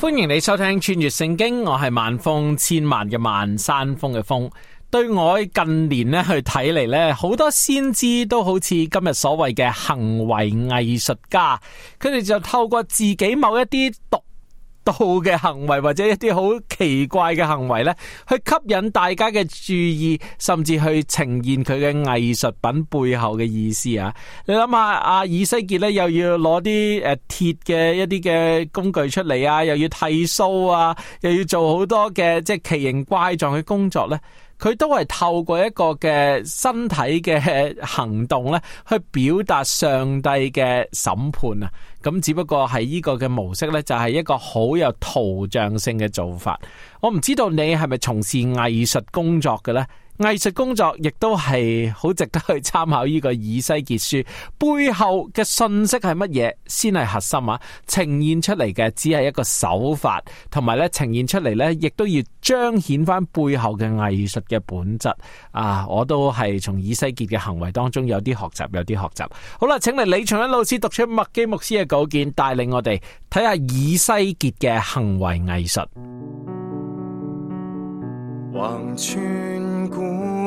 歡迎你收聽穿越聖經，我係萬峰，千萬嘅萬山峰嘅峰。對我近年呢去睇嚟呢，好多先知都好似今日所謂嘅行為藝術家，佢哋就透過自己某一啲獨。到嘅行為或者一啲好奇怪嘅行為呢去吸引大家嘅注意，甚至去呈現佢嘅藝術品背後嘅意思想想啊！你諗下，阿以西結呢又要攞啲誒鐵嘅一啲嘅工具出嚟啊，又要剃鬚啊，又要做好多嘅即係奇形怪狀嘅工作呢。佢都係透過一個嘅身體嘅行動咧，去表達上帝嘅審判啊！咁只不過係呢個嘅模式咧，就係一個好有圖像性嘅做法。我唔知道你係咪從事藝術工作嘅呢？藝術工作亦都係好值得去參考呢個以西結書背後嘅信息係乜嘢先係核心啊？呈現出嚟嘅只係一個手法，同埋咧，呈現出嚟咧，亦都要彰顯翻背後嘅藝術嘅本質啊！我都係從以西結嘅行為當中有啲學習，有啲學習。好啦，請嚟李長恩老師讀出麥基牧師嘅稿件，帶領我哋睇下以西結嘅行為藝術。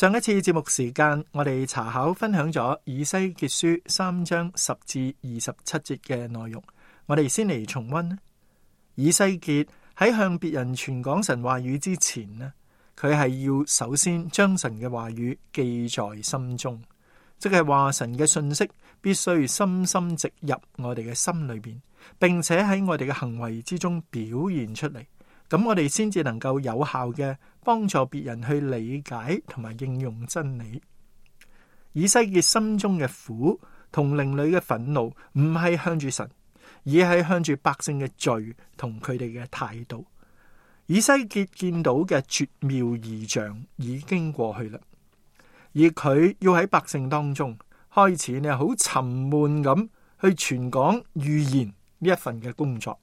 上一次節目時間，我哋查考分享咗以西結書三章十至二十七節嘅內容。我哋先嚟重溫。以西結喺向別人傳講神話語之前呢，佢係要首先將神嘅話語記在心中，即係話神嘅信息必須深深植入我哋嘅心裏面，並且喺我哋嘅行為之中表現出嚟，咁我哋先至能夠有效嘅。幫助別人去理解同埋應用真理。以西結心中嘅苦同另類嘅憤怒，唔係向住神，而係向住百姓嘅罪同佢哋嘅態度。以西結見到嘅絕妙異象已經過去啦，而佢要喺百姓當中開始呢，好沉悶咁去傳講預言呢一份嘅工作。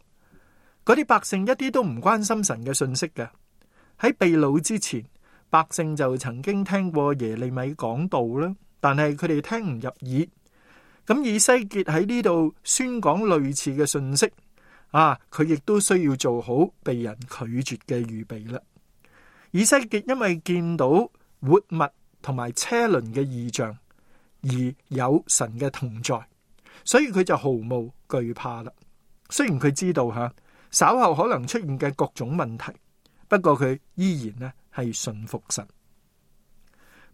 嗰啲百姓一啲都唔關心神嘅信息嘅。喺被擄之前，百姓就曾經聽過耶利米講道啦，但係佢哋聽唔入耳。咁以西結喺呢度宣講類似嘅信息，啊，佢亦都需要做好被人拒絕嘅預備啦。以西結因為見到活物同埋車輪嘅異象而有神嘅同在，所以佢就毫無懼怕啦。雖然佢知道吓，啊、稍後可能出現嘅各種問題。不過佢依然咧係順服神。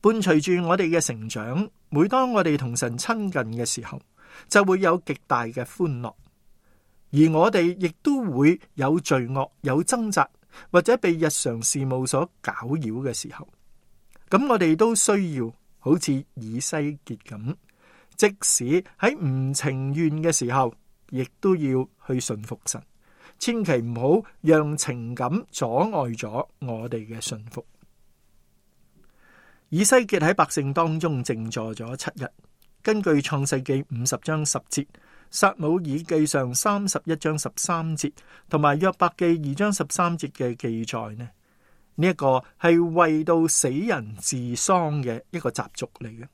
伴隨住我哋嘅成長，每當我哋同神親近嘅時候，就會有極大嘅歡樂；而我哋亦都會有罪惡、有掙扎，或者被日常事務所攪擾嘅時候，咁我哋都需要好似以西結咁，即使喺唔情願嘅時候，亦都要去順服神。千祈唔好讓情感阻礙咗我哋嘅信服。以西結喺百姓當中靜坐咗七日。根據創世記五十章十節、撒母耳記上三十一章十三節，同埋約伯記二章十三節嘅記載呢，呢、這、一個係為到死人治喪嘅一個習俗嚟嘅。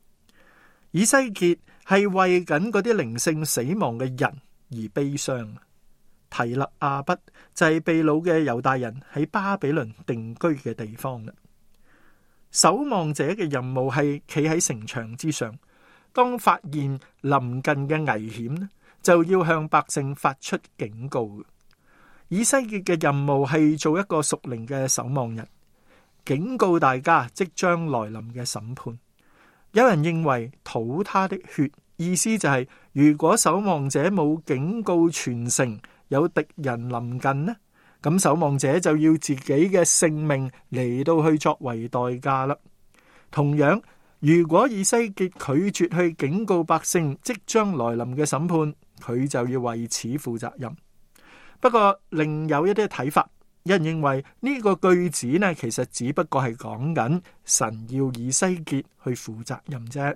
以西結係為緊嗰啲靈性死亡嘅人而悲傷。提勒阿畢就係、是，被擄嘅猶大人喺巴比倫定居嘅地方。守望者嘅任務係企喺城牆之上，當發現臨近嘅危險，就要向百姓發出警告。以西結嘅任務係做一個屬靈嘅守望人，警告大家即將來臨嘅審判。有人認為討他的血，意思就係、是，如果守望者冇警告全城。有敵人臨近呢，咁守望者就要自己嘅性命嚟到去作為代價啦。同樣，如果以西結拒絕去警告百姓即將來臨嘅審判，佢就要為此負責任。不過，另有一啲睇法，有人認為呢個句子呢，其實只不過係講緊神要以西結去負責任啫。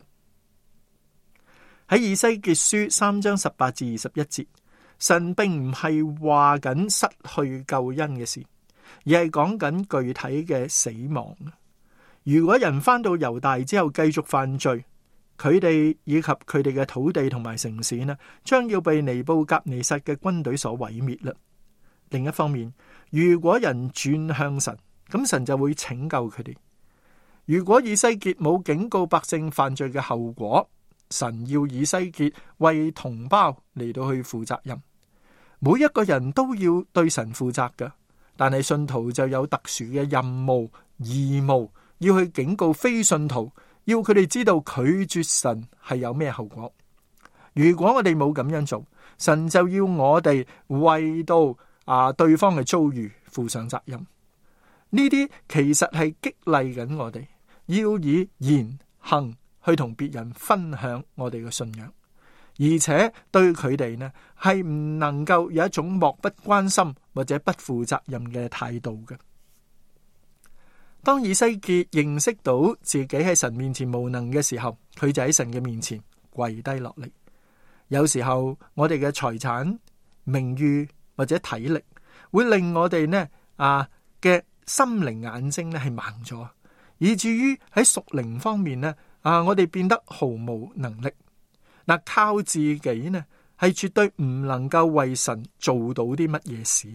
喺以西結書三章十八至二十一節。神並唔係話緊失去救恩嘅事，而係講緊具體嘅死亡。如果人翻到猶大之後繼續犯罪，佢哋以及佢哋嘅土地同埋城市呢，將要被尼布甲尼撒嘅軍隊所毀滅啦。另一方面，如果人轉向神，咁神就會拯救佢哋。如果以西結冇警告百姓犯罪嘅後果，神要以西結為同胞嚟到去負責任。每一個人都要對神負責嘅，但係信徒就有特殊嘅任務、義務，要去警告非信徒，要佢哋知道拒絕神係有咩後果。如果我哋冇咁樣做，神就要我哋為到啊對方嘅遭遇負上責任。呢啲其實係激勵緊我哋，要以言行去同別人分享我哋嘅信仰。而且對佢哋呢，係唔能夠有一種漠不關心或者不負責任嘅態度嘅。當以西結認識到自己喺神面前無能嘅時候，佢就喺神嘅面前跪低落嚟。有時候我哋嘅財產、名譽或者體力，會令我哋呢啊嘅心靈眼睛呢係盲咗，以至於喺屬靈方面呢啊我哋變得毫無能力。嗱，靠自己呢，係絕對唔能夠為神做到啲乜嘢事。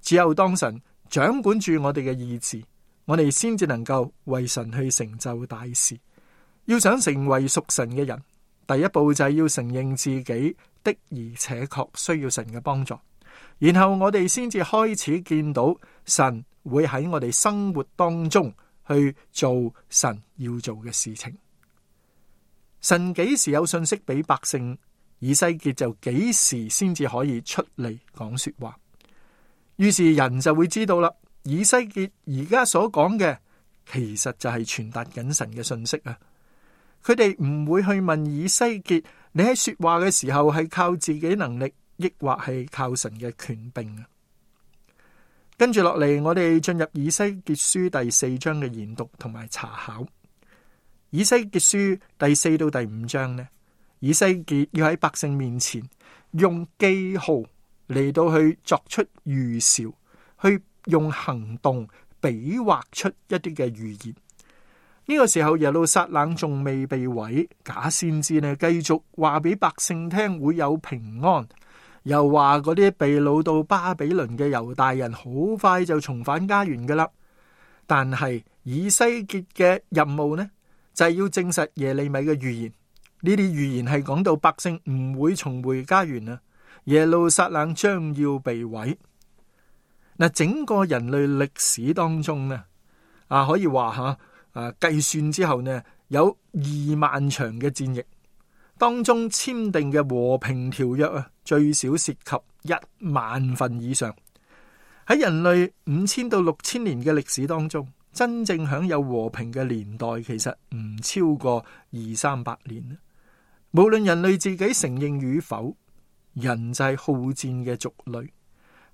只有當神掌管住我哋嘅意志，我哋先至能夠為神去成就大事。要想成為屬神嘅人，第一步就係要承認自己的而且確需要神嘅幫助，然後我哋先至開始見到神會喺我哋生活當中去做神要做嘅事情。神幾時有信息俾百姓，以西結就幾時先至可以出嚟講說話。於是人就會知道啦，以西結而家所講嘅，其實就係傳達緊神嘅信息啊！佢哋唔會去問以西結，你喺說話嘅時候係靠自己能力，抑或係靠神嘅權柄啊？跟住落嚟，我哋進入以西結書第四章嘅研讀同埋查考。以西結書第四到第五章呢，以西結要喺百姓面前用記號嚟到去作出預兆，去用行動比劃出一啲嘅預言。呢個時候，耶路撒冷仲未被毀，假先知呢繼續話俾百姓聽會有平安，又話嗰啲被擄到巴比倫嘅猶大人好快就重返家園噶啦。但係以西結嘅任務呢？就係要證實耶利米嘅預言，呢啲預言係講到百姓唔會重回家園啊，耶路撒冷將要被毀。嗱，整個人類歷史當中咧，啊可以話吓，啊計算之後咧，有二萬場嘅戰役，當中簽訂嘅和平條約啊，最少涉及一萬份以上。喺人類五千到六千年嘅歷史當中。真正享有和平嘅年代，其實唔超過二三百年。無論人類自己承認與否，人就係好戰嘅族類。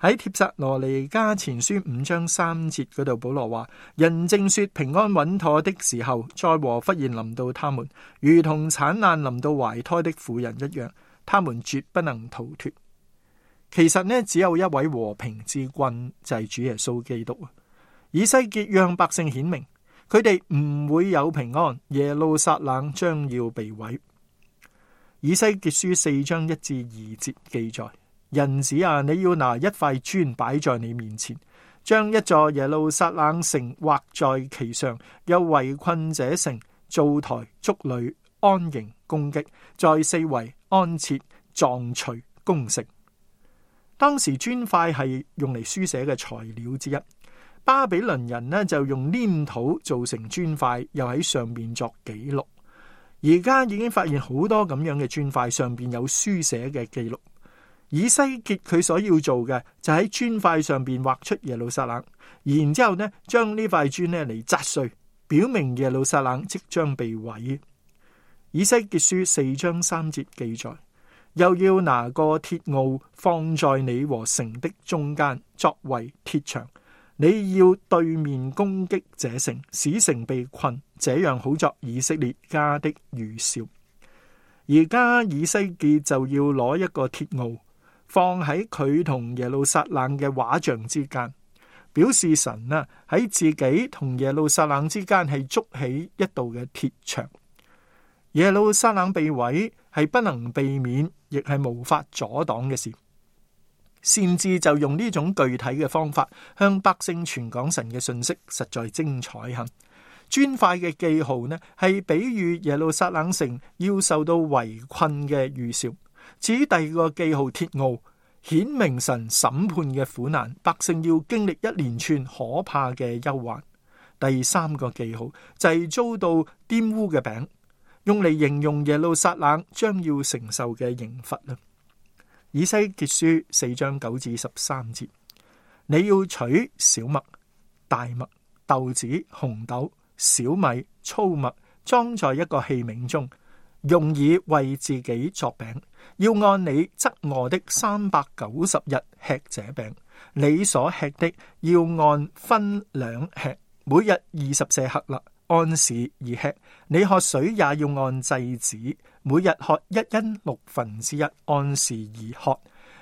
喺帖撒羅尼加前書五章三節嗰度，保羅話：人正說平安穩妥的時候，災禍忽然臨到他們，如同產難臨到懷胎的婦人一樣，他們絕不能逃脫。其實呢，只有一位和平之君，就係主耶穌基督啊。以西結讓百姓顯明，佢哋唔會有平安。耶路撒冷將要被毀。以西結書四章一至二節記載：人子啊，你要拿一塊磚擺在你面前，將一座耶路撒冷城畫在其上，有圍困者城、造台、築壘、安營、攻擊，在四圍安設、撞錘、攻城。當時磚塊係用嚟書寫嘅材料之一。巴比倫人呢，就用黏土做成磚塊，又喺上面作記錄。而家已經發現好多咁樣嘅磚塊，上邊有書寫嘅記錄。以西結佢所要做嘅就喺磚塊上邊畫出耶路撒冷，然之後呢將呢塊磚呢嚟砸碎，表明耶路撒冷即將被毀。以西結書四章三節記載，又要拿個鐵鏊放在你和城的中間，作為鐵牆。你要對面攻擊這城，使城被困，這樣好作以色列家的預兆。而家以西結就要攞一個鐵鏊放喺佢同耶路撒冷嘅畫像之間，表示神啊喺自己同耶路撒冷之間係築起一道嘅鐵牆。耶路撒冷被毀係不能避免，亦係無法阻擋嘅事。擅自，就用呢種具體嘅方法向百姓傳講神嘅信息，實在精彩啊！磚塊嘅記號呢，係比喻耶路撒冷城要受到圍困嘅預兆。至於第二個記號鐵鏊，顯明神審判嘅苦難，百姓要經歷一連串可怕嘅憂患。第三個記號就係、是、遭到玷污嘅餅，用嚟形容耶路撒冷將要承受嘅刑罰啊！以西結書四章九至十三節，你要取小麥、大麥、豆子、紅豆、小米、粗麥，裝在一個器皿中，用以為自己作餅。要按你側臥的三百九十日吃這餅。你所吃的要按分兩吃，每日二十四克啦。按時而吃，你喝水也要按製子，每日喝一欣六分之一，按時而喝。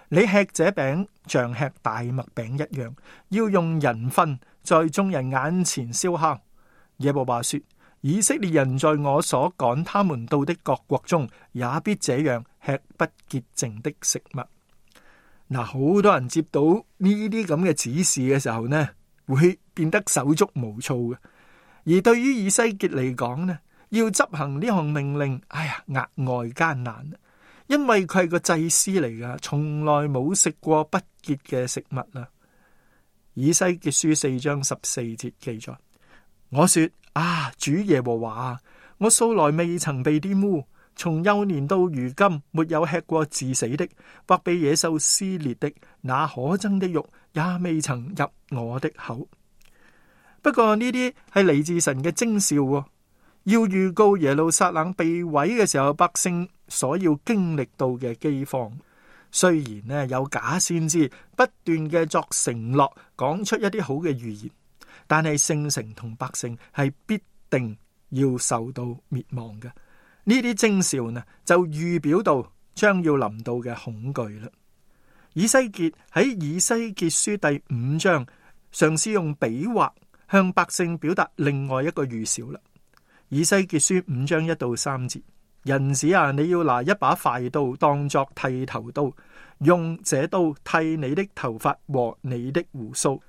你吃這餅像吃大麥餅一樣，要用人糞在眾人眼前燒烤。耶和華說：以色列人在我所趕他們到的各國中，也必這樣吃不潔淨的食物。嗱，好多人接到呢啲咁嘅指示嘅時候呢，會變得手足無措嘅。而對於以西結嚟講呢，要執行呢項命令，哎呀，額外艱難，因為佢係個祭司嚟噶，從來冇食過不潔嘅食物啊。以西結書四章十四節記載：我說啊，主耶和華啊，我素來未曾被玷污，從幼年到如今，沒有吃過自死的或被野獸撕裂的那可憎的肉，也未曾入我的口。不過呢啲係嚟自神嘅徵兆，哦，要預告耶路撒冷被毀嘅時候，百姓所要經歷到嘅饑荒。雖然呢有假先知不斷嘅作承諾，講出一啲好嘅預言，但係聖城同百姓係必定要受到滅亡嘅。呢啲徵兆呢就預表到將要臨到嘅恐懼啦。以西結喺以西結書第五章嘗試用筆畫。向百姓表達另外一個預兆啦，《以西結書》五章一到三節，人子啊，你要拿一把快刀當作剃頭刀，用這刀剃你的頭髮和你的鬍鬚，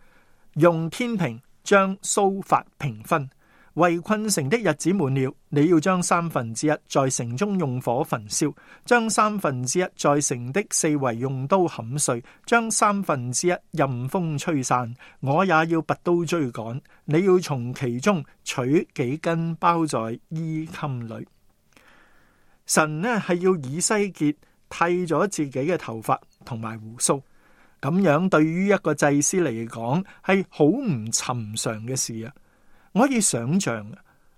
用天平將鬚髮平分。圍困城的日子滿了，你要將三分之一在城中用火焚燒，將三分之一在城的四圍用刀砍碎，將三分之一任風吹散。我也要拔刀追趕。你要從其中取幾根包在衣襟裏。神呢係要以西結剃咗自己嘅頭髮同埋鬍鬚，咁樣對於一個祭司嚟講，係好唔尋常嘅事啊！我可以想象，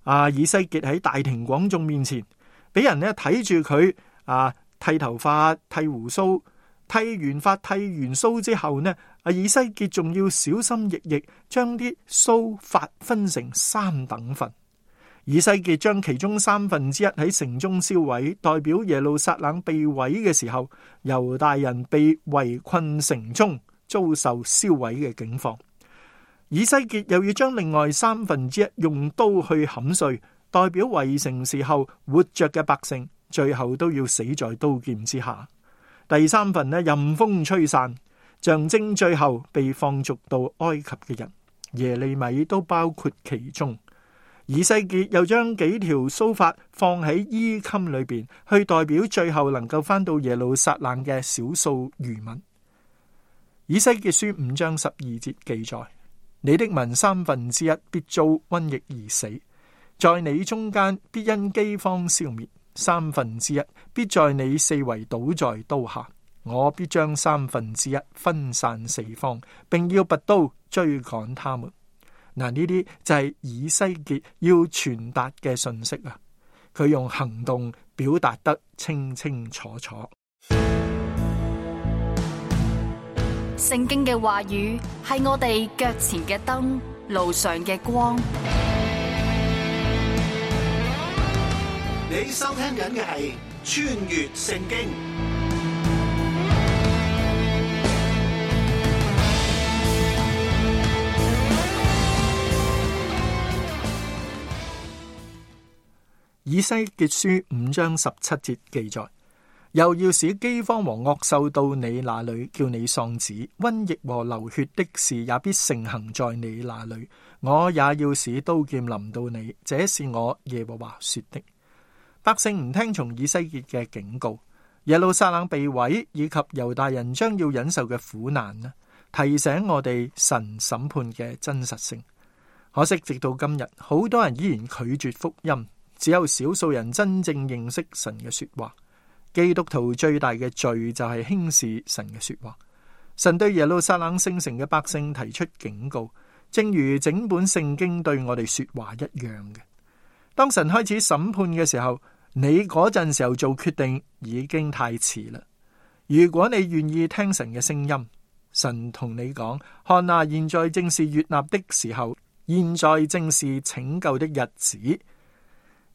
啊，以西結喺大庭廣眾面前，俾人咧睇住佢啊剃頭髮、剃鬍鬚，剃完髮、剃完鬚之後呢，啊，以西結仲要小心翼翼將啲鬚髮分成三等份。以西結將其中三分之一喺城中燒毀，代表耶路撒冷被毀嘅時候，猶大人被圍困城中，遭受燒毀嘅境況。以西結又要將另外三分之一用刀去砍碎，代表圍城時候活着嘅百姓，最後都要死在刀劍之下。第三份呢，任風吹散，象徵最後被放逐到埃及嘅人，耶利米都包括其中。以西結又將幾條須髮放喺衣襟裏邊，去代表最後能夠返到耶路撒冷嘅少數餘民。以西結書五章十二節記載。你的民三分之一必遭瘟疫而死，在你中間必因饑荒消滅，三分之一必在你四圍倒在刀下。我必將三分之一分散四方，並要拔刀追趕他們。嗱，呢啲就係以西結要傳達嘅信息啊。佢用行動表達得清清楚楚。聖經嘅話語係我哋腳前嘅燈，路上嘅光。你收聽緊嘅係《穿越聖經》。以西結書五章十七節記載。又要使饑荒和惡獸到你那裏，叫你喪子。瘟疫和流血的事也必盛行在你那裏。我也要使刀劍臨到你，這是我耶和華說的。百姓唔聽從以西結嘅警告，耶路撒冷被毀，以及猶大人將要忍受嘅苦難呢？提醒我哋神審判嘅真實性。可惜直到今日，好多人依然拒絕福音，只有少數人真正認識神嘅說話。基督徒最大嘅罪就係輕視神嘅說話。神對耶路撒冷聖城嘅百姓提出警告，正如整本聖經對我哋說話一樣嘅。當神開始審判嘅時候，你嗰陣時候做決定已經太遲啦。如果你願意聽神嘅聲音，神同你講：看哪，現在正是悅納的時候，現在正是拯救的日子。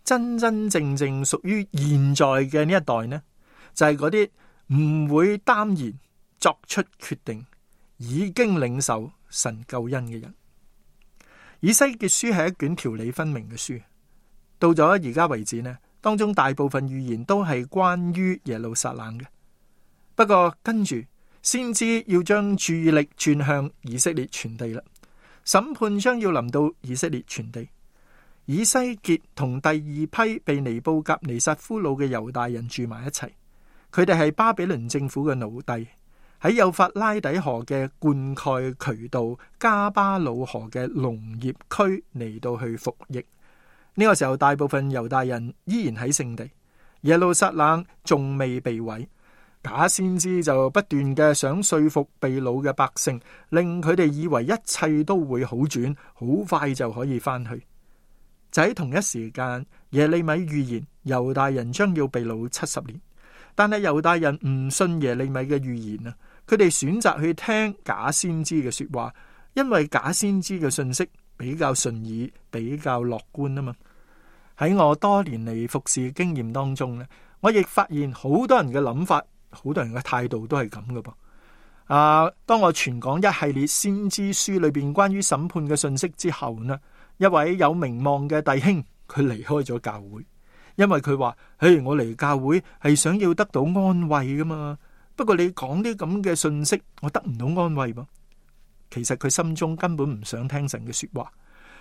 真真正正屬於現在嘅呢一代呢，就係嗰啲唔會擔言作出決定、已經領受神救恩嘅人。以西結書係一卷條理分明嘅書，到咗而家為止呢，當中大部分預言都係關於耶路撒冷嘅。不過跟住先知要將注意力轉向以色列全地啦，審判將要臨到以色列全地。以西結同第二批被尼布甲尼撒俘虜嘅猶大人住埋一齊，佢哋係巴比倫政府嘅奴隸，喺幼法拉底河嘅灌溉渠道加巴魯河嘅農業區嚟到去服役。呢、這個時候，大部分猶大人依然喺聖地耶路撒冷，仲未被毀。假先知就不斷嘅想說服被擄嘅百姓，令佢哋以為一切都會好轉，好快就可以翻去。喺同一時間，耶利米預言猶大人將要被擄七十年，但係猶大人唔信耶利米嘅預言啊！佢哋選擇去聽假先知嘅說話，因為假先知嘅信息比較順耳，比較樂觀啊嘛。喺我多年嚟服侍嘅經驗當中咧，我亦發現好多人嘅諗法，好多人嘅態度都係咁噶噃。啊！當我傳講一系列先知書裏邊關於審判嘅信息之後呢，一位有名望嘅弟兄，佢離開咗教會，因為佢話：誒，我嚟教會係想要得到安慰噶嘛。不過你講啲咁嘅信息，我得唔到安慰噃。其實佢心中根本唔想聽神嘅說話。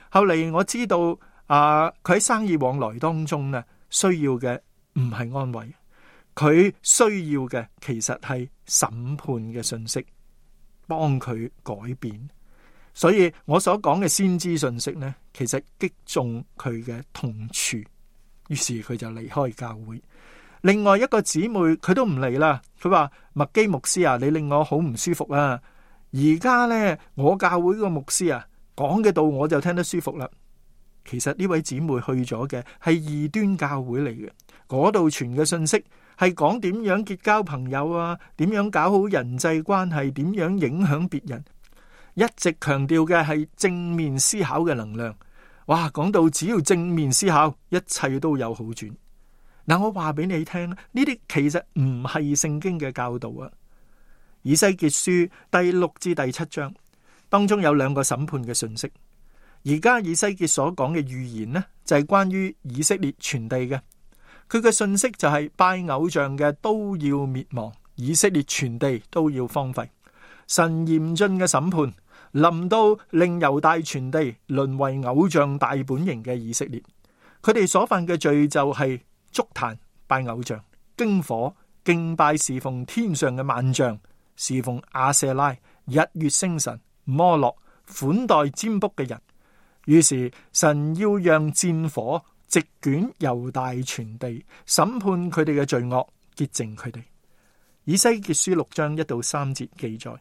後嚟我知道，啊，佢喺生意往來當中呢，需要嘅唔係安慰，佢需要嘅其實係審判嘅信息，幫佢改變。所以我所講嘅先知信息呢，其實擊中佢嘅痛處，於是佢就離開教會。另外一個姊妹佢都唔嚟啦，佢話麥基牧師啊，你令我好唔舒服啊！而家呢，我教會個牧師啊，講嘅道我就聽得舒服啦。其實呢位姊妹去咗嘅係異端教會嚟嘅，嗰度傳嘅信息係講點樣結交朋友啊，點樣搞好人際關係，點樣影響別人。一直強調嘅係正面思考嘅能量。哇，講到只要正面思考，一切都有好轉。嗱，我話俾你聽，呢啲其實唔係聖經嘅教導啊。以西結書第六至第七章當中有兩個審判嘅信息。而家以西結所講嘅預言呢，就係關於以色列全地嘅。佢嘅信息就係拜偶像嘅都要滅亡，以色列全地都要荒廢。神嚴峻嘅審判。臨到令猶大全地淪為偶像大本營嘅以色列，佢哋所犯嘅罪就係築壇拜偶像、經火敬拜侍奉天上嘅萬象、侍奉亞舍拉、日月星辰、摩洛、款待占卜嘅人。於是神要讓戰火席捲猶大全地，審判佢哋嘅罪惡，潔淨佢哋。以西結書六章一到三節記載。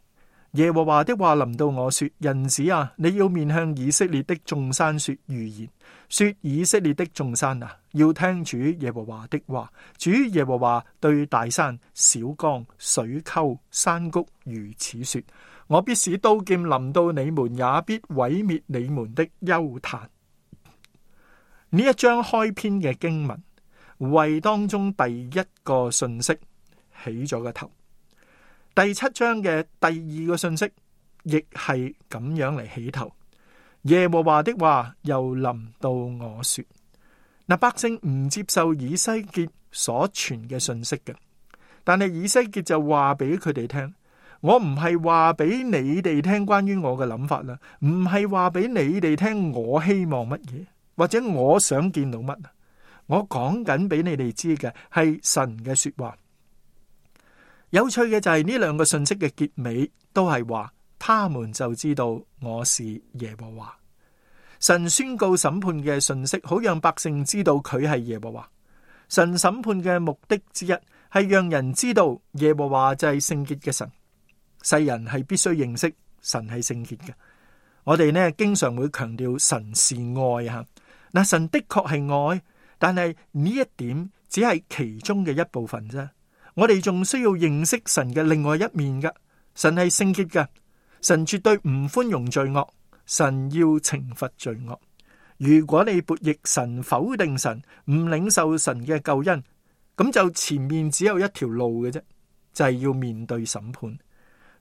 耶和華的話臨到我說：人子啊，你要面向以色列的眾山說預言，說以色列的眾山啊，要聽主耶和華的話。主耶和華對大山、小岡、水溝、山谷如此說：我必使刀劍臨到你們，也必毀滅你們的邱壇。呢一章開篇嘅經文，為當中第一個信息起咗個頭。第七章嘅第二個信息，亦係咁樣嚟起頭。耶和華的話又臨到我說：嗱，那百姓唔接受以西結所傳嘅信息嘅，但係以西結就話俾佢哋聽：我唔係話俾你哋聽關於我嘅諗法啦，唔係話俾你哋聽我希望乜嘢，或者我想見到乜啊，我講緊俾你哋知嘅係神嘅說話。有趣嘅就係、是、呢兩個信息嘅結尾都係話，他們就知道我是耶和華。神宣告審判嘅信息，好讓百姓知道佢係耶和華。神審判嘅目的之一係讓人知道耶和華就係聖潔嘅神。世人係必須認識神係聖潔嘅。我哋呢經常會強調神是愛吓，嗱，神的確係愛，但係呢一點只係其中嘅一部分啫。我哋仲需要認識神嘅另外一面嘅，神係聖潔嘅，神絕對唔寬容罪惡，神要懲罰罪惡。如果你悖逆神、否定神、唔領受神嘅救恩，咁就前面只有一條路嘅啫，就係要面對審判。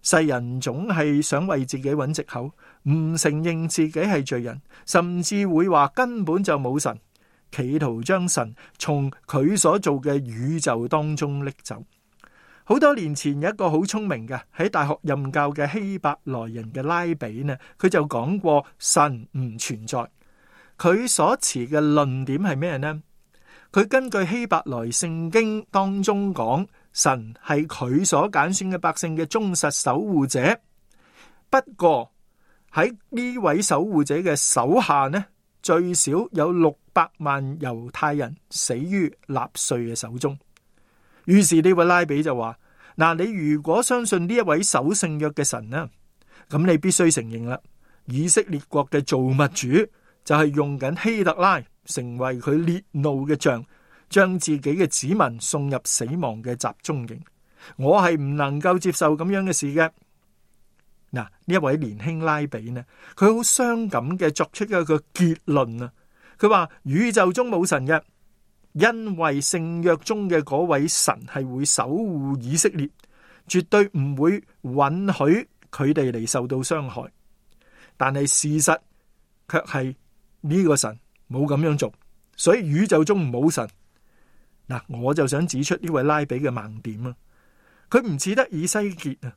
世人總係想為自己揾藉口，唔承認自己係罪人，甚至會話根本就冇神，企圖將神從佢所做嘅宇宙當中拎走。好多年前有一個好聰明嘅喺大學任教嘅希伯來人嘅拉比呢，佢就講過神唔存在。佢所持嘅論點係咩呢？佢根據希伯來聖經當中講，神係佢所揀選嘅百姓嘅忠實守護者。不過喺呢位守護者嘅手下呢，最少有六百萬猶太人死於納粹嘅手中，於是呢位、這個、拉比就話：嗱，你如果相信呢一位守聖約嘅神呢，咁你必須承認啦，以色列國嘅造物主就係用緊希特拉成為佢烈怒嘅像，將自己嘅子民送入死亡嘅集中營。我係唔能夠接受咁樣嘅事嘅。嗱，呢一位年輕拉比呢，佢好傷感嘅作出一個結論啊！佢話宇宙中冇神嘅，因為聖約中嘅嗰位神係會守護以色列，絕對唔會允許佢哋嚟受到傷害。但係事實卻係呢個神冇咁樣做，所以宇宙中冇神。嗱，我就想指出呢位拉比嘅盲點啊！佢唔似得以西結啊！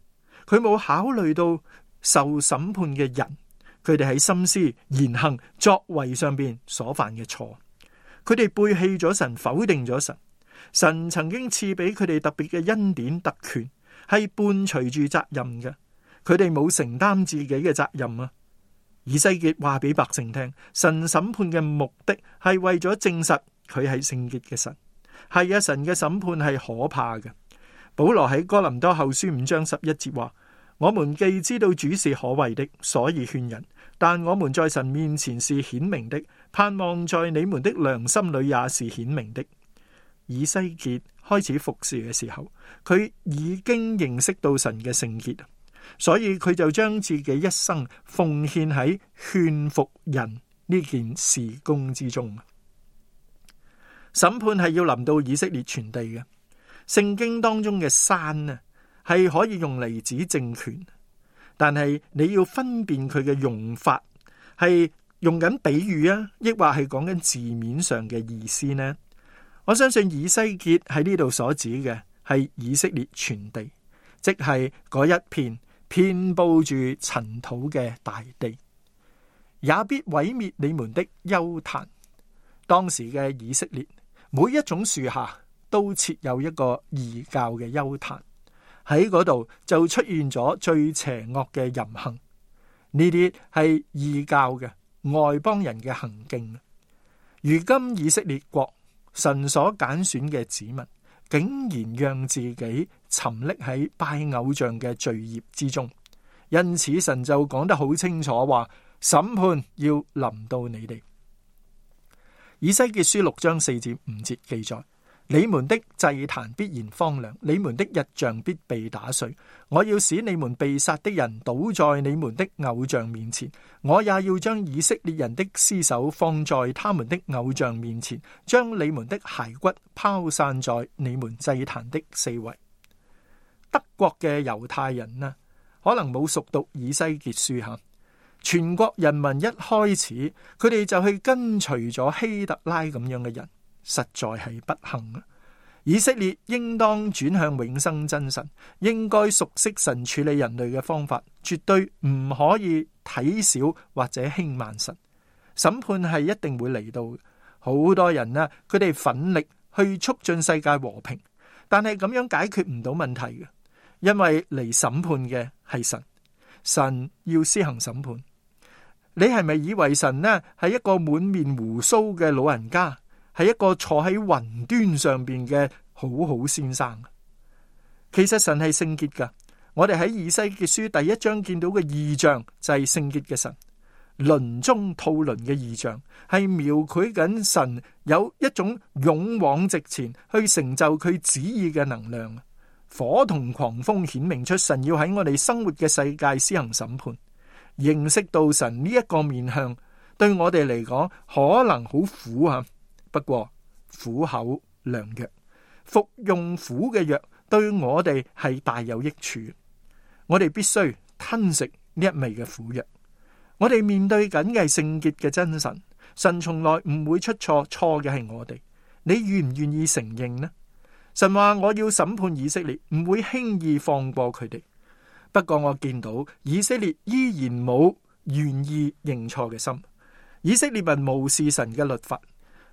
佢冇考慮到受審判嘅人，佢哋喺心思言行作為上邊所犯嘅錯，佢哋背棄咗神，否定咗神。神曾經賜俾佢哋特別嘅恩典特權，係伴隨住責任嘅。佢哋冇承擔自己嘅責任啊！以西結話俾百姓聽，神審判嘅目的係為咗證實佢係聖潔嘅神，係啊！神嘅審判係可怕嘅。保羅喺哥林多後書五章十一節話：我們既知道主是可畏的，所以勸人；但我們在神面前是顯明的，盼望在你們的良心裏也是顯明的。以西結開始服侍嘅時候，佢已經認識到神嘅聖潔，所以佢就將自己一生奉獻喺勸服人呢件事工之中。審判係要臨到以色列全地嘅。聖經當中嘅山呢，係可以用嚟指政權，但係你要分辨佢嘅用法，係用緊比喻啊，抑或係講緊字面上嘅意思呢？我相信以西結喺呢度所指嘅係以色列全地，即係嗰一片遍布住塵土嘅大地，也必毀滅你們的丘壇。當時嘅以色列，每一種樹下。都設有一個異教嘅邱壇喺嗰度，就出現咗最邪惡嘅淫行。呢啲係異教嘅外邦人嘅行徑。如今以色列國神所揀選嘅子民，竟然讓自己沉溺喺拜偶像嘅罪孽之中，因此神就講得好清楚，話審判要臨到你哋。以西結書六章四至五節記載。你們的祭壇必然荒涼，你們的日像必被打碎。我要使你們被殺的人倒在你們的偶像面前，我也要將以色列人的屍首放在他們的偶像面前，將你們的骸骨拋散在你們祭壇的四圍。德國嘅猶太人呢，可能冇熟讀《以西結書》吓，全國人民一開始佢哋就去跟隨咗希特拉咁樣嘅人。實在係不幸。以色列應當轉向永生真神，應該熟悉神處理人類嘅方法，絕對唔可以睇小或者輕慢神。審判係一定會嚟到。好多人呢，佢哋奮力去促進世界和平，但係咁樣解決唔到問題嘅，因為嚟審判嘅係神，神要施行審判。你係咪以為神呢係一個滿面鬍鬚嘅老人家？係一個坐喺雲端上邊嘅好好先生。其實神係聖潔噶。我哋喺以西結書第一章見到嘅異象就係聖潔嘅神。輪中套輪嘅異象係描繪緊神有一種勇往直前去成就佢旨意嘅能量。火同狂風顯明出神要喺我哋生活嘅世界施行審判。認識到神呢一個面向，對我哋嚟講可能好苦啊。不過苦口良藥，服用苦嘅藥對我哋係大有益處。我哋必須吞食呢一味嘅苦藥。我哋面對緊嘅係聖潔嘅真神，神從來唔會出錯，錯嘅係我哋。你願唔願意承認呢？神話我要審判以色列，唔會輕易放過佢哋。不過我見到以色列依然冇願意認錯嘅心，以色列人無視神嘅律法。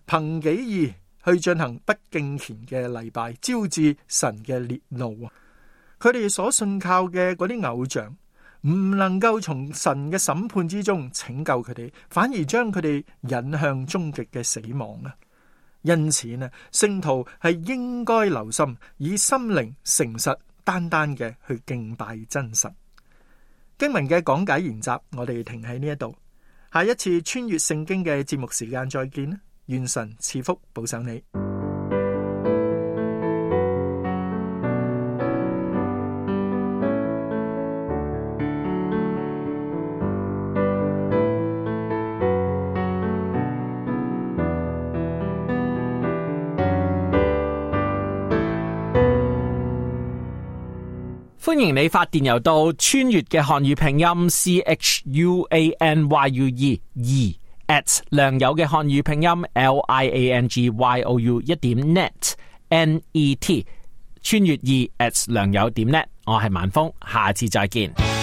憑己意去進行不敬虔嘅禮拜，招致神嘅烈怒啊！佢哋所信靠嘅嗰啲偶像，唔能夠從神嘅審判之中拯救佢哋，反而將佢哋引向終極嘅死亡啊！因此呢，聖徒係應該留心，以心靈誠實、單單嘅去敬拜真神。經文嘅講解研習，我哋停喺呢一度，下一次穿越聖經嘅節目時間再見。願神賜福，保佑你。歡迎你發電郵到穿越嘅漢語拼音：chuan yue、e。At 良友嘅漢語拼音 l i a n g y o u 一點 net n e t 穿越二 At 良友點 net，我係晚風，下次再見。